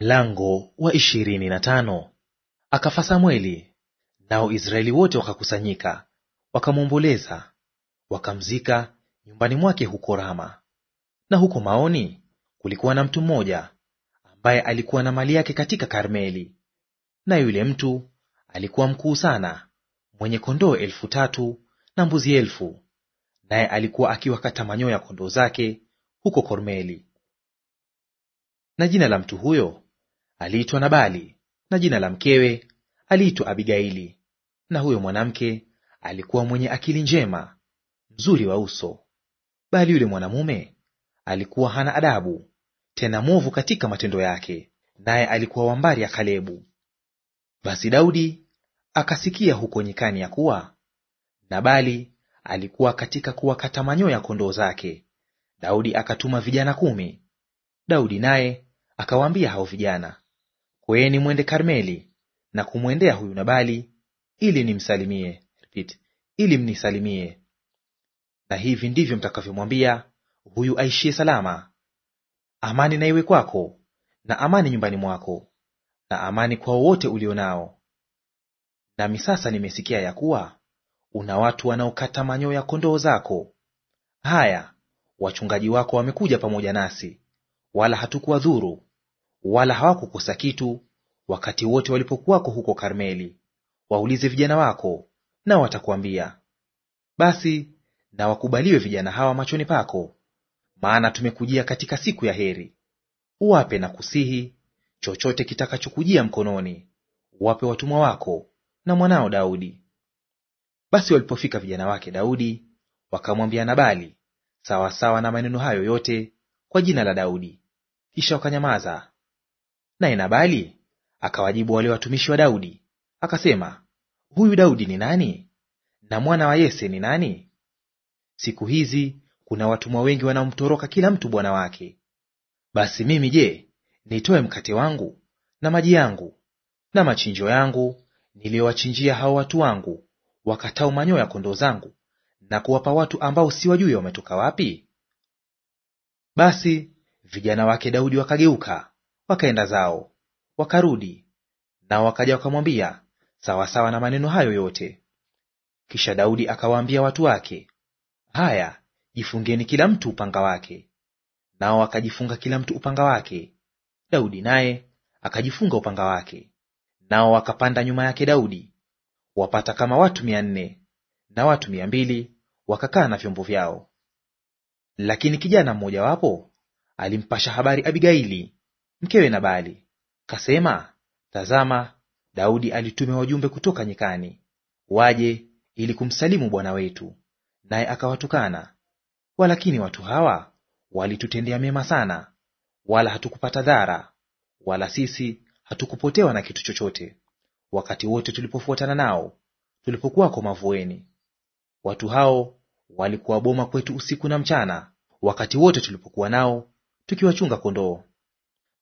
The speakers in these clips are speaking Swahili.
Mlango wa ishirini na tano. Akafa Samweli, nao Israeli wote wakakusanyika, wakamwomboleza, wakamzika nyumbani mwake huko Rama. Na huko Maoni kulikuwa na mtu mmoja ambaye alikuwa na mali yake katika Karmeli, na yule mtu alikuwa mkuu sana, mwenye kondoo elfu tatu na mbuzi elfu, naye alikuwa akiwakata manyoya kondoo zake huko Kormeli. Na jina la mtu huyo aliitwa Nabali, na jina la mkewe aliitwa Abigaili. Na huyo mwanamke alikuwa mwenye akili njema, mzuri wa uso, bali yule mwanamume alikuwa hana adabu, tena mwovu katika matendo yake, naye alikuwa wambari ya Kalebu. Basi Daudi akasikia huko nyikani ya kuwa Nabali alikuwa katika kuwakata manyoya kondoo zake. Daudi akatuma vijana kumi. Daudi naye akawaambia hao vijana, kweeni mwende Karmeli na kumwendea huyu Nabali ili nimsalimie, repeat, ili mnisalimie. Na hivi ndivyo mtakavyomwambia huyu aishie salama, amani na iwe kwako na amani nyumbani mwako na amani kwa wote ulio nao. Nami sasa nimesikia ya kuwa una watu wanaokata manyoya kondoo zako. Haya, wachungaji wako wamekuja pamoja nasi, wala hatukuwadhuru, wala hawakukosa kitu wakati wote walipokuwako huko Karmeli. Waulize vijana wako, nao watakuambia. Basi na wakubaliwe vijana hawa machoni pako, maana tumekujia katika siku ya heri. Uwape na kusihi chochote kitakachokujia mkononi, uwape watumwa wako na mwanao Daudi. Basi walipofika vijana wake Daudi wakamwambia Nabali sawa sawa na maneno hayo yote kwa jina la Daudi, kisha wakanyamaza. Naye Nabali Akawajibu wale watumishi wa Daudi akasema, huyu Daudi ni nani? Na mwana wa Yese ni nani? Siku hizi kuna watumwa wengi wanaomtoroka kila mtu bwana wake. Basi mimi je, nitoe mkate wangu na maji yangu na machinjo yangu niliyowachinjia hao watu wangu wakatao manyoya kondoo zangu na kuwapa watu ambao wajui wametoka wapi? Basi vijana wake Daudi wakageuka wakaenda zao, Wakarudi nao wakaja wakamwambia sawasawa na maneno hayo yote. Kisha Daudi akawaambia watu wake, haya jifungeni kila mtu upanga wake. Nao akajifunga kila mtu upanga wake, Daudi naye akajifunga upanga wake. Nao wakapanda nyuma yake Daudi wapata kama watu mia nne, na watu mia mbili wakakaa na vyombo vyao. Lakini kijana mmojawapo alimpasha habari Abigaili mkewe Nabali, kasema, Tazama, Daudi alituma wajumbe kutoka nyikani waje ili kumsalimu bwana wetu, naye akawatukana. Walakini watu hawa walitutendea mema sana, wala hatukupata dhara, wala sisi hatukupotewa na kitu chochote, wakati wote tulipofuatana nao tulipokuwako mavueni. Watu hao walikuwa boma kwetu usiku na mchana, wakati wote tulipokuwa nao tukiwachunga kondoo.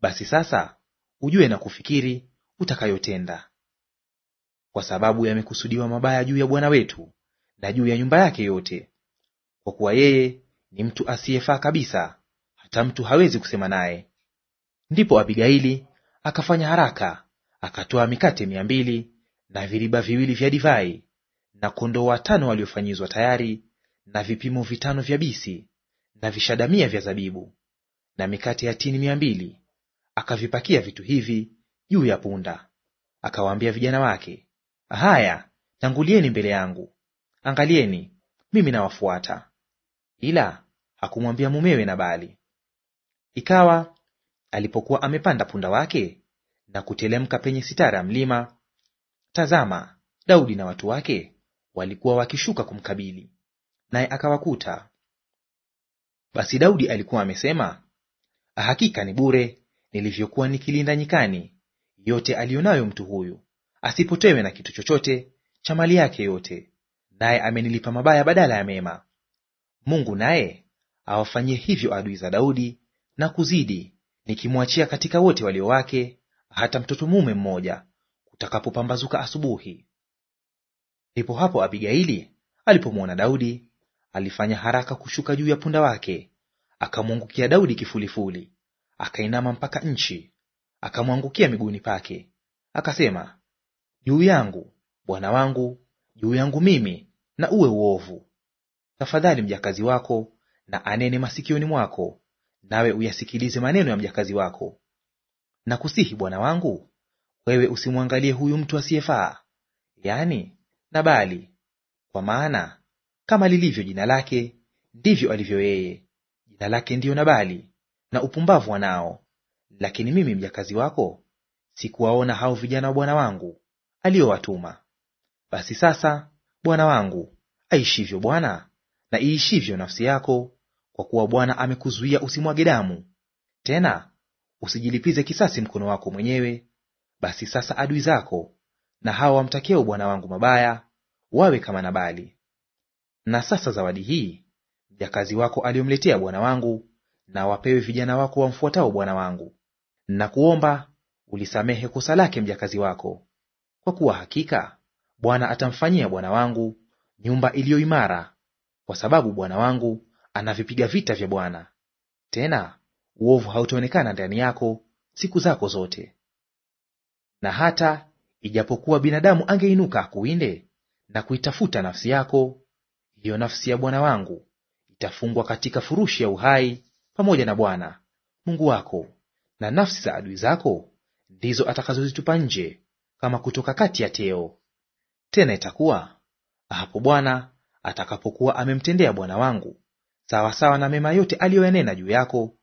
Basi sasa ujue na kufikiri utakayotenda. Kwa sababu yamekusudiwa mabaya juu ya Bwana wetu na juu ya nyumba yake yote, kwa kuwa yeye ni mtu asiyefaa kabisa, hata mtu hawezi kusema naye. Ndipo Abigaili akafanya haraka, akatoa mikate mia mbili na viriba viwili vya divai na kondoo watano waliofanyizwa tayari na vipimo vitano vya bisi na vishadamia vya zabibu na mikate ya tini mia mbili akavipakia vitu hivi juu ya punda. Akawaambia vijana wake, haya, tangulieni mbele yangu, angalieni, mimi nawafuata. Ila hakumwambia mumewe Nabali. Ikawa alipokuwa amepanda punda wake na kutelemka penye sitara ya mlima, tazama, Daudi na watu wake walikuwa wakishuka kumkabili, naye akawakuta. Basi Daudi alikuwa amesema, hakika ni bure nilivyokuwa nikilinda nyikani, yote aliyonayo mtu huyu, asipotewe na kitu chochote cha mali yake yote, naye amenilipa mabaya badala ya mema. Mungu naye awafanyie hivyo adui za Daudi na kuzidi, nikimwachia katika wote walio wake hata mtoto mume mmoja, kutakapopambazuka asubuhi. Ndipo hapo Abigaili alipomwona Daudi, alifanya haraka kushuka juu ya punda wake, akamwangukia Daudi kifulifuli akainama mpaka nchi, akamwangukia miguuni pake, akasema, juu yangu bwana wangu, juu yangu mimi, na uwe uovu. Tafadhali mjakazi wako na anene masikioni mwako, nawe uyasikilize maneno ya mjakazi wako. Nakusihi bwana wangu, wewe usimwangalie huyu mtu asiyefaa, yaani Nabali, kwa maana kama lilivyo jina lake ndivyo alivyo yeye; jina lake ndiyo Nabali, na upumbavu wanao. Lakini mimi mjakazi wako sikuwaona hao vijana wa bwana wangu aliyowatuma. Basi sasa, bwana wangu, aishivyo Bwana na iishivyo nafsi yako, kwa kuwa Bwana amekuzuia usimwage damu, tena usijilipize kisasi mkono wako mwenyewe. Basi sasa, adui zako na hawa wamtakiao bwana wangu mabaya wawe kama Nabali. Na sasa zawadi hii mjakazi wako aliyomletea bwana wangu na wapewe vijana wako wamfuatao bwana wangu. Na kuomba ulisamehe kosa lake mjakazi wako, kwa kuwa hakika Bwana atamfanyia bwana wangu nyumba iliyo imara, kwa sababu bwana wangu anavipiga vita vya Bwana. Tena uovu hautaonekana ndani yako siku zako zote. Na hata ijapokuwa binadamu angeinuka akuinde na kuitafuta nafsi yako, hiyo nafsi ya bwana wangu itafungwa katika furushi ya uhai pamoja na Bwana Mungu wako, na nafsi za adui zako ndizo atakazozitupa nje kama kutoka kati ya teo. Tena itakuwa hapo Bwana atakapokuwa amemtendea bwana wangu sawasawa na mema yote aliyoyanena juu yako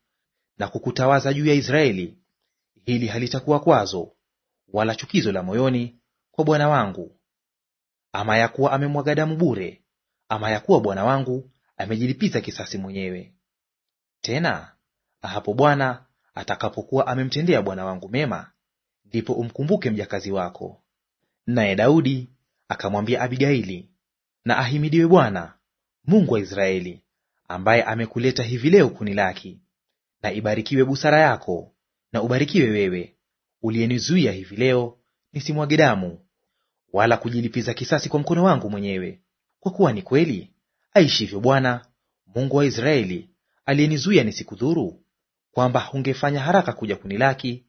na kukutawaza juu ya Israeli, hili halitakuwa kwazo wala chukizo la moyoni kwa bwana wangu, ama ya kuwa amemwaga damu bure, ama ya kuwa bwana wangu amejilipiza kisasi mwenyewe. Tena hapo Bwana atakapokuwa amemtendea bwana wangu mema, ndipo umkumbuke mjakazi wako. Naye Daudi akamwambia Abigaili, na ahimidiwe Bwana Mungu wa Israeli, ambaye amekuleta hivi leo kunilaki. Na ibarikiwe busara yako, na ubarikiwe wewe uliyenizuia hivi leo nisimwage damu, wala kujilipiza kisasi kwa mkono wangu mwenyewe, kwa kuwa ni kweli aishivyo Bwana Mungu wa Israeli, aliyenizuia nisikudhuru, kwamba hungefanya haraka kuja kunilaki,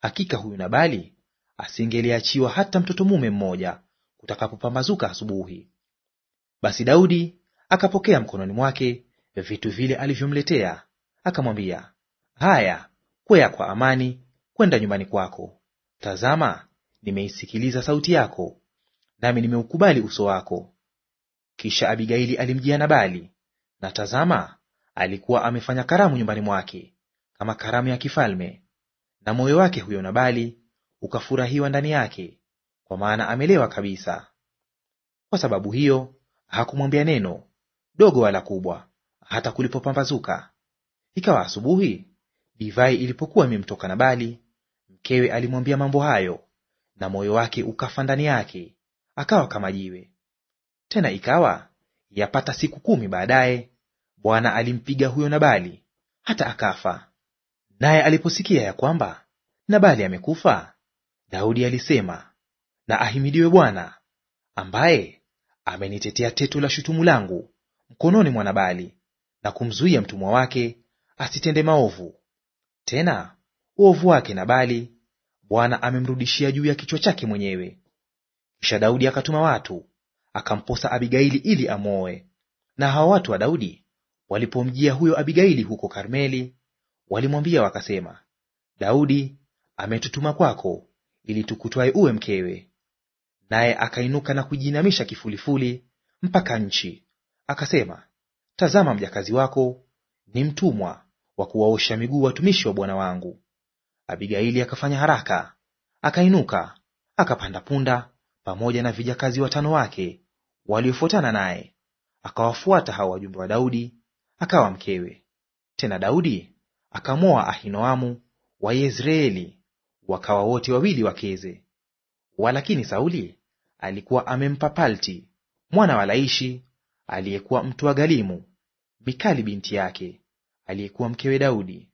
hakika huyu Nabali asingeliachiwa hata mtoto mume mmoja kutakapopambazuka asubuhi. Basi Daudi akapokea mkononi mwake vitu vile alivyomletea, akamwambia, haya, kwea kwa amani kwenda nyumbani kwako. Tazama, nimeisikiliza sauti yako, nami nimeukubali uso wako. Kisha Abigaili alimjia Nabali, na tazama, alikuwa amefanya karamu nyumbani mwake kama karamu ya kifalme, na moyo wake huyo Nabali ukafurahiwa ndani yake, kwa maana amelewa kabisa. Kwa sababu hiyo hakumwambia neno dogo wala kubwa, hata kulipopambazuka. Ikawa asubuhi, divai ilipokuwa imemtoka Nabali, mkewe alimwambia mambo hayo, na moyo wake ukafa ndani yake, akawa kama jiwe. Tena ikawa yapata siku kumi baadaye Bwana alimpiga huyo Nabali hata akafa. Naye aliposikia ya kwamba Nabali amekufa, Daudi alisema, na ahimidiwe Bwana ambaye amenitetea teto la shutumu langu mkononi mwa Nabali na kumzuia mtumwa wake asitende maovu. Tena uovu wake Nabali Bwana amemrudishia juu ya kichwa chake mwenyewe. Kisha Daudi akatuma watu akamposa Abigaili ili amwoe. Na hawa watu wa Daudi Walipomjia huyo Abigaili huko Karmeli, walimwambia wakasema, Daudi ametutuma kwako ili tukutwae uwe mkewe. Naye akainuka na kujinamisha kifulifuli mpaka nchi, akasema, Tazama, mjakazi wako ni mtumwa wa kuwaosha miguu watumishi wa bwana wangu. Abigaili akafanya haraka, akainuka, akapanda punda pamoja na vijakazi watano wake waliofuatana naye, akawafuata hao wajumbe wa Daudi akawa mkewe. Tena Daudi akamwoa Ahinoamu wa Yezreeli, wakawa wote wawili wakeze. Walakini Sauli alikuwa amempa Palti mwana wa Laishi aliyekuwa mtu wa Galimu, Mikali binti yake, aliyekuwa mkewe Daudi.